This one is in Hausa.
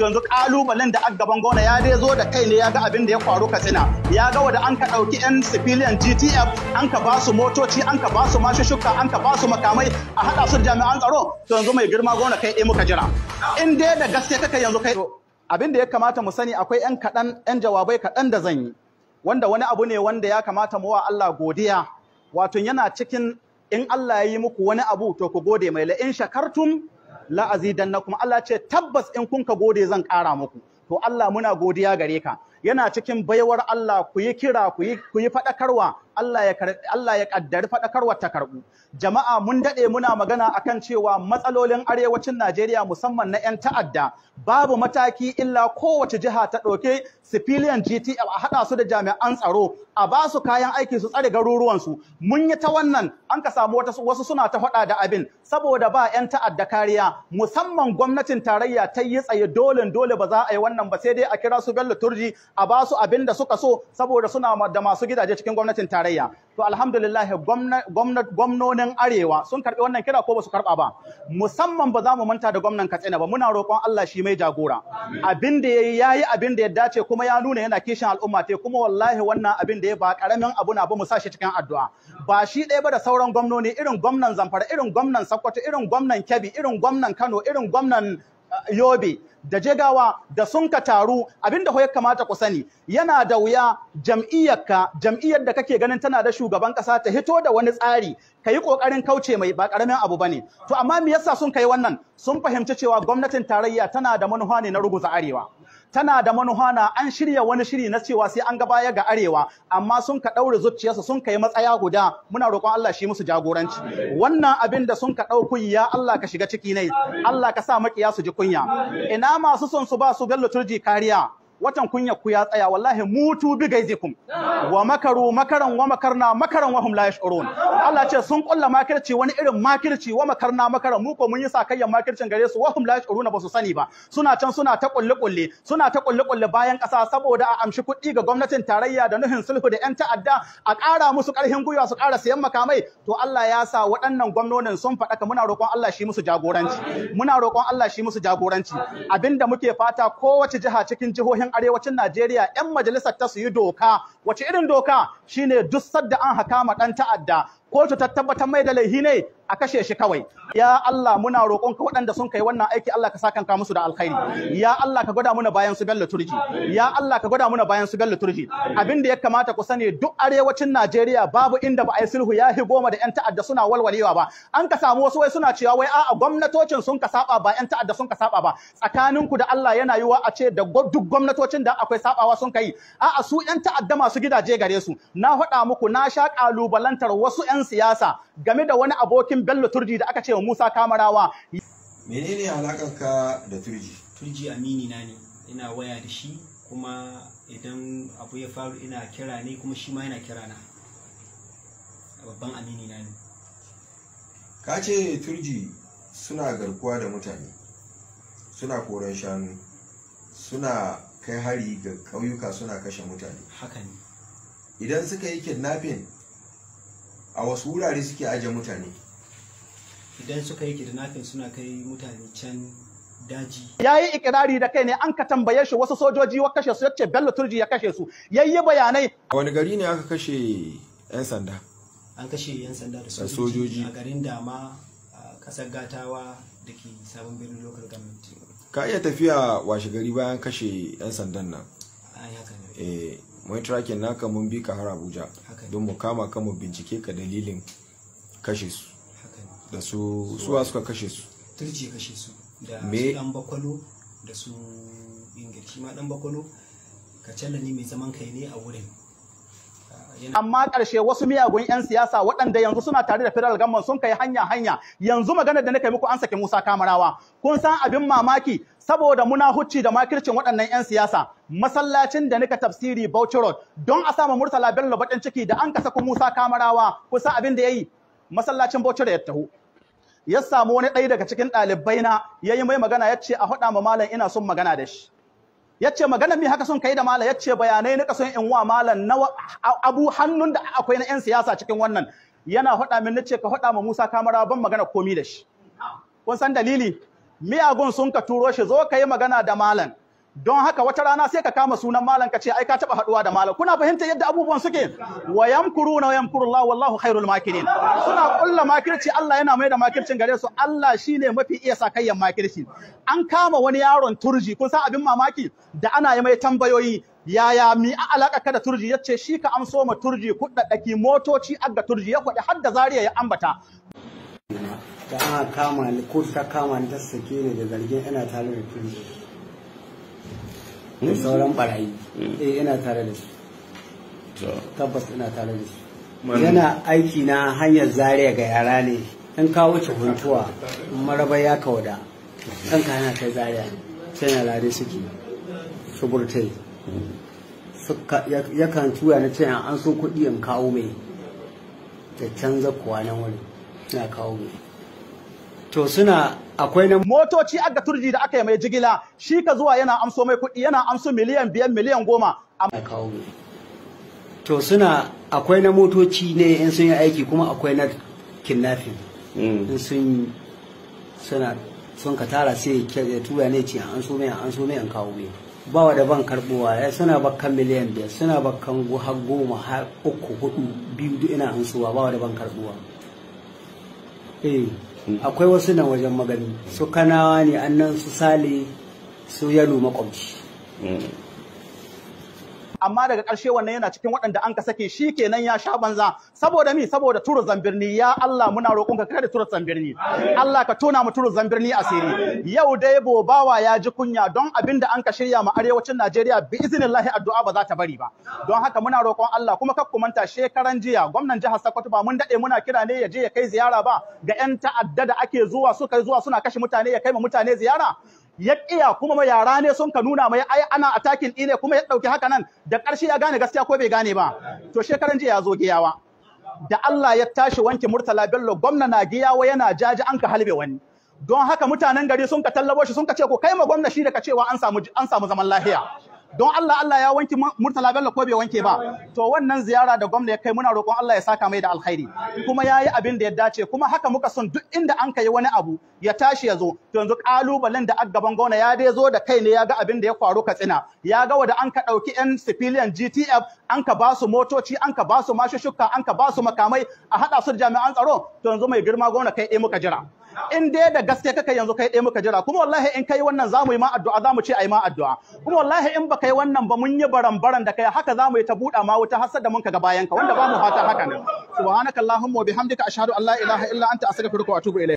yanzu kalubalen da gaban gona ya dai zo da kai ne ya ga abin da ya faru katsina ya ga wanda an ka ɗauki yan civilian gtf an ka ba su motoci an ka ba su mashushuka an ka ba su makamai a haɗa su jami'an tsaro to yanzu mai girma gona kai eh, muka jira in dai da gaske kaka yanzu kai abin da ya kamata mu sani akwai yan kaɗan yan jawabai kaɗan da zan yi wanda wani abu ne wanda ya kamata mu wa Allah godiya wato yana cikin in Allah ya yi muku wani abu to ku gode mai la in shakartum la kuma. Allah ce tabbas in kun ka gode zan ƙara muku to Allah muna godiya gare ka yana cikin baiwar Allah ku yi kira ku yi faɗakarwa Allah ya Allah ya kaddari fadakarwar ta karbu jama'a mun daɗe muna magana akan cewa matsalolin arewacin Najeriya musamman na yan ta'adda babu mataki illa kowace jiha ta dauke civilian GTF a haɗa su da jami'an tsaro a ba su kayan aiki su tsare garuruwan su mun yi ta wannan an ka samu wasu suna ta fada da abin saboda ba yan ta'adda kariya musamman gwamnatin tarayya ta yi tsaye dole dole ba za a yi wannan ba sai dai a kira su Bello Turji a ba su abin da suka so saboda suna da masu gidaje cikin gwamnatin tarayya tarayya to alhamdulillah gwamnati gwamnonin arewa sun karbi wannan kira ko basu karba ba musamman ba za mu manta da gwamnan Katsina ba muna roƙon Allah shi mai jagora abin da yayi yayi abin da ya dace kuma ya nuna yana kishin al'umma te kuma wallahi wannan abin da ya ba karamin abu na ba mu sa shi cikin addu'a ba shi ɗaya ba da sauran gwamnoni irin gwamnan Zamfara irin gwamnan Sokoto irin gwamnan Kebbi irin gwamnan Kano irin gwamnan eh, Yobe da jegawa da sun ka taru abinda ho ya kamata ku sani yana da wuya jam'iyyarka jam'iyyar da kake ganin tana da shugaban kasa ta hito da wani tsari ka yi kokarin kauce mai ba karamin abu ba ne, to amma me yasa sun kai wannan sun fahimci cewa gwamnatin tarayya tana da manufa ne na ruguza arewa tana da manufa na an shirya wani shiri na cewa sai an ga baya ga arewa amma sun ka daure zuciyarsa sun kai matsaya guda muna roƙon Allah shi musu jagoranci wannan abin da sun ka dauku ya Allah ka shiga ciki ne Allah ka sa makiya su ji kunya ina masu son su ba su ga turji kariya watan kunya ku ya tsaya wallahi mutu bi gaizikum wa makaru makaran wa makarna makaran wa hum la yashurun Allah ce sun kulla makirci wani irin makirci wa makarna makaran mu ko mun yi sakayyan makircin gare su wa hum la yashuruna ba su sani ba suna can suna ta kulle kulle suna ta kulle kulle bayan kasa saboda a amshi kuɗi ga gwamnatin tarayya da nuhin sulhu da yan ta'adda a ƙara musu ƙarfin gwiwa su ƙara sayan makamai to Allah ya sa waɗannan gwamnonin sun faɗaka muna roƙon Allah shi musu jagoranci muna roƙon Allah shi musu jagoranci abinda muke fata kowace jiha cikin jihohin jihohin arewacin Najeriya yan majalisar ta su yi doka wace irin doka shine duk sadda an hakama dan ta'adda kotu ta tabbatar mai da laihi ne a kashe shi kawai ya Allah muna ka waɗanda sun kai wannan aiki Allah ka saka musu da alkhairi ya Allah ka gwada muna bayan su bello turji ya Allah ka gwada muna bayan su bello turji abin da ya kamata ku sani duk arewacin Najeriya babu inda ba a yi sulhu ya hi goma da yan ta'adda suna walwalewa ba an ka samu wasu wai suna cewa wai a'a gwamnatocin sun ka saba ba yan ta'adda sun ka saba ba tsakaninku da Allah yana yiwa a ce da duk gwamnatocin da akwai sabawa sun kai a'a su yan ta'adda masu gidaje gare su na faɗa muku na sha ƙalubalantar wasu yan siyasa game da wani abokin cikin Bello Turji da aka ce wa Musa Kamarawa. Menene ka da Turji? Turji amini na ne, ina waya da shi kuma idan abu ya faru ina kira ne kuma shi ma yana kira na. Babban amini na ne. Ka ce Turji suna garkuwa da mutane, suna koran shanu, suna kai hari ga ƙauyuka suna kashe mutane. Haka ne. Idan suka yi kidnapping a wasu wurare suke aje mutane idan suka yi kidnapping suna kai mutane can daji. Ya yi ikirari da kai ne an ka tambaye shi wasu sojoji wa kashe su yace Bello Turji ya kashe su. Yayi bayanai. A wani gari ne aka kashe 'yan sanda? An kashe 'yan sanda da sojoji a garin Dama a kasar Gatawa da ke sabon birnin local government. Ka iya tafiya washe gari bayan kashe 'yan sandan nan? Eh, mai tracking naka mun bi ka har Abuja don mu kama kan mu bincike ka dalilin kashe su. da su suwa suka kashe su turji kashe su da su dan bakwalo da su ingil ma dan bakwalo kacalla ni mai zaman kai ne a wurin amma ƙarshe wasu miyagun 'yan siyasa waɗanda yanzu suna tare da federal gamman sun kai hanya hanya yanzu maganar da nake muku an sake Musa Kamarawa kun san abin mamaki saboda muna hucci da makircin waɗannan 'yan siyasa masallacin da nika tafsiri Bauchi Road don a sama Murtala Bello bakin ciki da an kasa ku Musa Kamarawa kun san abin da ya yi? masallacin Bauchi da ya taho ya samu wani ɗaya daga cikin ɗalibai na yayi mai magana yace a haɗa ma malam ina son magana da shi yace magana mi haka son kai da malam yace bayanai na son in wa malam na abu hannun da akwai na yan siyasa cikin wannan yana haɗa min nace ka haɗa ma Musa Kamara ban magana komi da shi kun san dalili miyagun sun ka turo shi zo ka yi magana da malam don haka wata rana sai ka kama sunan malam ka ce ai ka taba haduwa da malam kuna fahimtar yadda abubuwan suke wa yamkuruna wa yamkurullah wallahu khairul makirin suna kulla makirci Allah yana mai da makircin gare su Allah shine mafi iya sa sakayyan makirci an kama wani yaron turji kun san abin mamaki da ana yi mai tambayoyi yaya mi a alaka ka da turji yace shi ka amso ma turji kuɗaɗɗaki motoci agga turji ya kuɗi har da zariya ya ambata da aka kama ni ko ta kama ni ta sake ni da zargin ina tare turji da mm. sauran barayi mm. eh ina tare da shi tabbas ina tare da shi yana aiki na hanyar zaria ga yara ne in ka wuce huntuwa maraba ya kauda kan ka yana kai Zariya sai na lare suke suburtai mm. yakan tuya na cewa an so kuɗi in kawo mai da canza kuwa nan wuri na kawo mai to suna akwai na motoci aga turji da aka yi mai jigila shi ka zuwa yana amso mai kuɗi yana amso miliyan biyan miliyan goma a kawo to suna akwai na motoci ne in sun yi aiki kuma akwai na kidnapping mm. in sun suna sun ka tara sai ya tura ne ce an so mai an so mai an kawo mai ba wa da ban karbuwa ya suna bakkan miliyan biyar suna bakkan har goma har uku hudu biyu duk ina an ba wa da ban karbuwa eh akwai wasu nan wajen magani su kanawa ne annan su sale su Yalu makwabci mm. amma daga ƙarshe wannan yana cikin waɗanda an ka sake shi kenan ya sha banza saboda mi saboda turu zambirni ya Allah muna roƙonka kada turu zambirni Allah ka tona mu turu zambirni asiri yau dai bobawa ya ji kunya don abin da an ka shirya ma arewacin Najeriya bi iznillahi addu'a ba za ta bari ba don haka muna roƙon Allah kuma kar ku manta shekaran jiya gwamnan jihar Sokoto ba mun dade muna kira ne ya je ya kai ziyara ba ga 'yan ta'adda da ake zuwa suka zuwa suna kashe mutane ya kai wa mutane ziyara ya kiya kuma ma yara ne sun ka nuna mai ai ana attacking ɗine kuma ya ɗauki haka nan da ƙarshe ya gane gaskiya ko bai gane ba to shekaran jiya ya zo giyawa da Allah ya tashi wanke Murtala Bello gwamna na giyawa yana jaji an ka halbe wani don haka mutanen gari sun ka tallabo shi sun ka ce ko kai ma gwamna shi da ka cewa an samu an samu zaman lafiya don Allah Allah ya wanke Murtala Bello ko bai wanke ba to wannan ziyara da gwamna ya kai muna roƙon Allah ya saka mai da alkhairi kuma yayi abin da ya dace kuma haka muka son duk inda an kai wani abu ya tashi ya zo to yanzu kalubalen da gaban gwamna ya dai zo da kai ne ya ga abin da ya faru Katsina ya ga wanda an ka dauki yan civilian GTF an ka ba su motoci an ka ba su mashushuka an ka ba su makamai a hada su jami'an tsaro to yanzu mai girma gwamna kai eh muka jira in dai da gaske kaka yanzu kai ɗaya muka jira kuma wallahi in kai wannan zamu yi ma addu'a zamu ce ai ma addu'a kuma wallahi in baka yi wannan ba mun yi baran-baran da kai haka zamu yi ta buɗa ma wuta hasar da mun kaga bayanka wanda ba mu fata haka ne subhanakallahumma wa bihamdika ashhadu an la ilaha illa anta astaghfiruka wa atubu ilayk